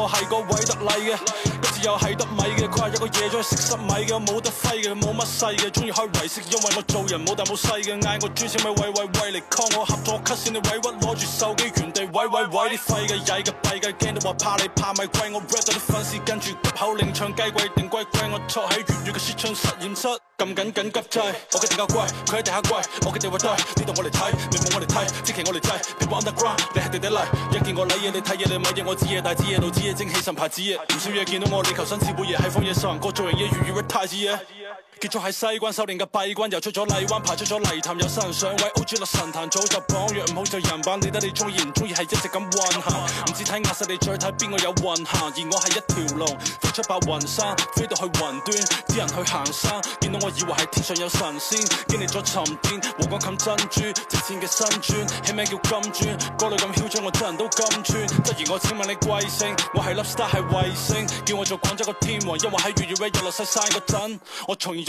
我係個偉德禮嘅，今次又係得米嘅，佢話有個嘢裝食濕米嘅，冇得揮嘅，冇乜勢嘅，中意開圍式，因為我做人冇大冇細嘅，嗌我專線咪喂喂喂你 call 我合作 cut 線，你委屈攞住手機原地喂喂喂，你廢嘅曳嘅閉嘅，驚到話怕你怕咪跪我 rap 到啲粉絲跟住急口令唱雞貴定貴貴，我坐喺粵語嘅說唱實驗室。咁緊緊急掣，我嘅地窖貴，佢喺地下貴，我嘅地位低，呢度我嚟睇，呢望我嚟睇，知其我嚟制，別話 underground，你係地底嚟，一見我攋嘢你睇嘢，你咪嘢我知嘢，大知嘢，老知嘢，精氣神牌子嘢，唔少嘢見到我，你求生智慧嘢，喺荒野修行過，做人嘢如越越太結束喺西關修練嘅閉關，又出咗荔灣，爬出咗泥潭，有新人上位，O.G. 落神壇早就榜，若唔好就人榜，你得你中意唔中意係一直咁運行，唔知睇壓勢，你最睇邊個有運行，而我係一條龍，飛出白雲山，飛到去雲端，啲人去行山，見到我以為係天上有神仙，經歷咗沉澱，無講冚珍珠，直線嘅新磚，起名叫金磚，歌度咁囂張，我真人都金磚，質疑我請問你貴姓？我係粒 star 係衞星，叫我做廣州個天王，因為喺粵語界日落西山嗰陣，我從，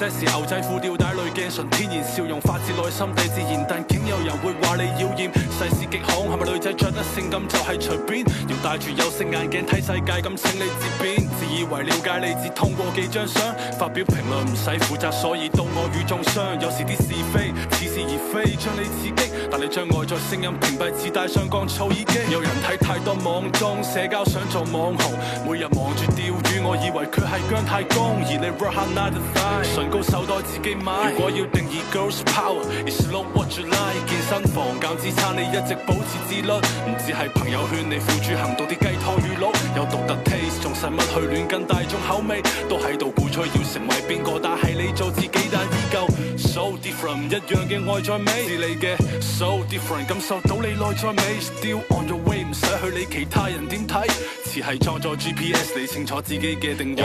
這時牛仔褲吊帶類。純天然笑容發自內心地自然，但竟有人會話你妖艷，世事極恐。係咪女仔着得性感就係隨便？要戴住有色眼鏡睇世界咁，請你自便。自以為了解你，只通過幾張相發表評論唔使負責，所以到我與眾相有時啲是非，似是而非，將你刺激，但你將外在聲音屏蔽似，自戴上降噪耳機。有人睇太多網中社交想做網紅，每日忙住釣魚，我以為佢係姜太公，而你 rock another thigh，唇膏手袋自己買。如果要要定義 girls power，is love what you like。健身房減脂餐，你一直保持自律，唔止係朋友圈你付諸行動啲雞湯魚佬，有獨特 taste，仲使乜去亂跟大眾口味，都喺度鼓吹要成為邊個，但係你做自己，但依舊 so different，唔一樣嘅外在美。係你嘅 so different，感受到你內在美，still on your way，唔使去理其他人點睇，似係裝咗 GPS，你清楚自己嘅定位。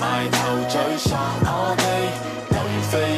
埋頭追索，我哋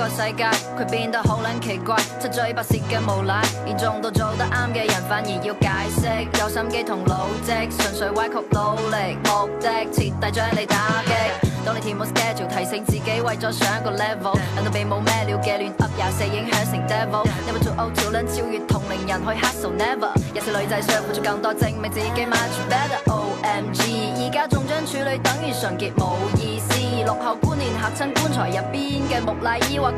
個世界佢變得好撚奇怪，七嘴八舌嘅無賴，嚴重到做得啱嘅人反而要解釋，有心機同腦積，純粹歪曲努力目的，徹底將你打擊。當你填滿 schedule，提醒自己為咗上一個 level，等到被冇咩料嘅亂 up 廿四影響成 devil。Never too old to learn 超越同齡人去 hustle。Never，有次女仔想要付出更多，證明自己 much better。OMG，而家仲將處女等於純潔冇意思，落後觀念吓親棺材入邊嘅木乃伊或。